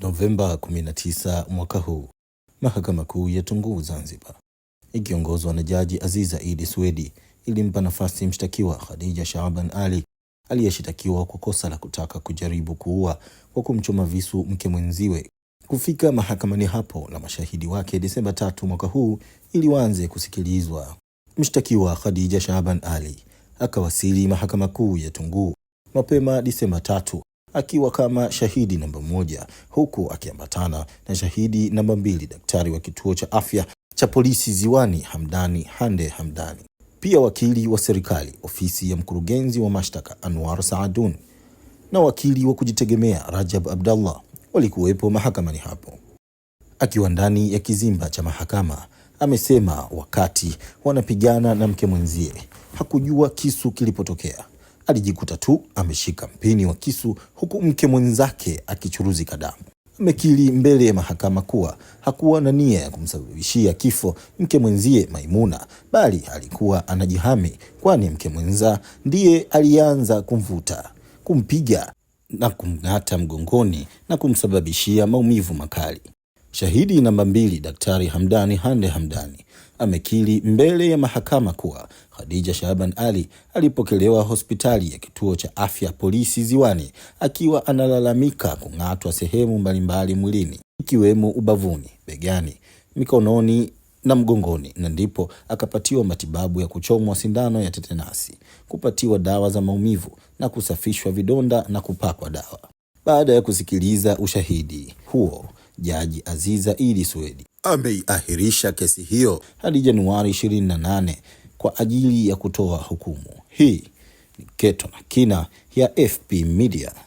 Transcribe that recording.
Novemba 19 mwaka huu, Mahakama Kuu ya Tunguu Zanzibar ikiongozwa na Jaji Aziza Idi Swedi ilimpa nafasi mshtakiwa Khadija Shaaban Ali aliyeshitakiwa kwa kosa la kutaka kujaribu kuua kwa kumchoma visu mke mwenziwe kufika mahakamani hapo na mashahidi wake Desemba tatu mwaka huu ili waanze kusikilizwa. Mshtakiwa Khadija Shaaban Ali akawasili Mahakama Kuu ya Tunguu mapema Desemba tatu akiwa kama shahidi namba moja huku akiambatana na shahidi namba mbili, daktari wa kituo cha afya cha polisi Ziwani Hamdani Hande Hamdani, pia wakili wa serikali ofisi ya mkurugenzi wa mashtaka Anwar Saadun na wakili wa kujitegemea Rajab Abdallah walikuwepo mahakamani hapo. Akiwa ndani ya kizimba cha mahakama, amesema wakati wanapigana na mke mwenzie hakujua kisu kilipotokea alijikuta tu ameshika mpini wa kisu huku mke mwenzake akichuruzika damu. Amekiri mbele ya mahakama kuwa hakuwa na nia ya kumsababishia kifo mke mwenzie Maimuna, bali alikuwa anajihami, kwani mke mwenza ndiye alianza kumvuta, kumpiga na kumng'ata mgongoni na kumsababishia maumivu makali. Shahidi namba mbili, Daktari Hamdani Hande Hamdani amekiri mbele ya mahakama kuwa Khadija Shaban Ali alipokelewa hospitali ya kituo cha afya polisi Ziwani akiwa analalamika kung'atwa sehemu mbalimbali mwilini ikiwemo ubavuni, begani, mikononi na mgongoni na ndipo akapatiwa matibabu ya kuchomwa sindano ya tetenasi, kupatiwa dawa za maumivu na kusafishwa vidonda na kupakwa dawa. Baada ya kusikiliza ushahidi huo, Jaji Aziza Idi Swedi ameiahirisha kesi hiyo hadi Januari 28 kwa ajili ya kutoa hukumu. Hii ni Keto na Kina ya FP Media.